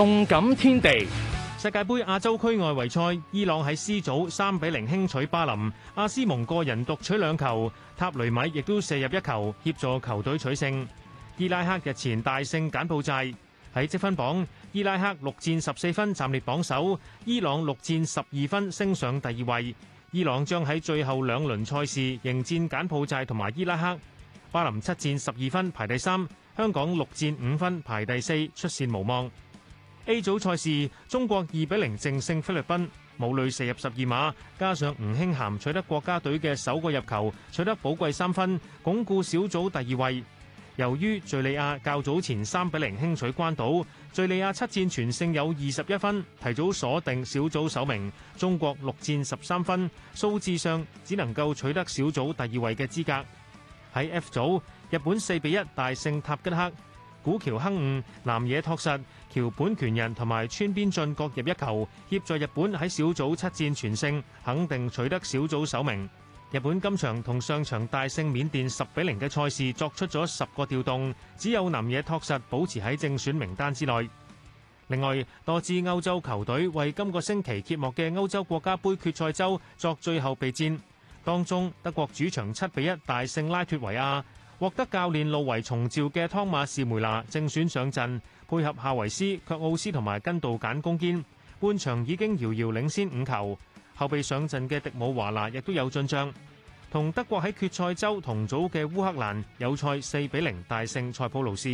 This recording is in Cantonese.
動感天地，世界杯亞洲區外圍賽，伊朗喺 C 組三比零輕取巴林，阿斯蒙個人獨取兩球，塔雷米亦都射入一球協助球隊取勝。伊拉克日前大勝柬埔寨，喺積分榜，伊拉克六戰十四分暫列榜首，伊朗六戰十二分升上第二位。伊朗將喺最後兩輪賽事迎戰柬埔寨同埋伊拉克。巴林七戰十二分排第三，香港六戰五分排第四，出綫無望。A 組賽事，中國二比零淨勝菲律賓，武磊射入十二碼，加上吳興涵取得國家隊嘅首個入球，取得寶貴三分，鞏固小組第二位。由於敘利亞較早前三比零輕取關島，敘利亞七戰全勝有二十一分，提早鎖定小組首名。中國六戰十三分，數字上只能夠取得小組第二位嘅資格。喺 F 組，日本四比一大勝塔吉克。古橋亨悟、南野拓實、橋本拳人同埋村邊進各入一球，協助日本喺小組七戰全勝，肯定取得小組首名。日本今場同上場大勝緬甸十比零嘅賽事作出咗十個調動，只有南野拓實保持喺正選名單之內。另外，多支歐洲球隊為今個星期揭幕嘅歐洲國家杯決賽周作最後備戰，當中德國主場七比一大勝拉脫維亞。獲得教練路維重召嘅湯馬士梅拿正選上陣，配合夏維斯、卻奧斯同埋根道簡攻堅，半場已經遙遙領先五球。後備上陣嘅迪姆華拿亦都有進賬，同德國喺決賽周同組嘅烏克蘭友賽四比零大勝塞浦路斯。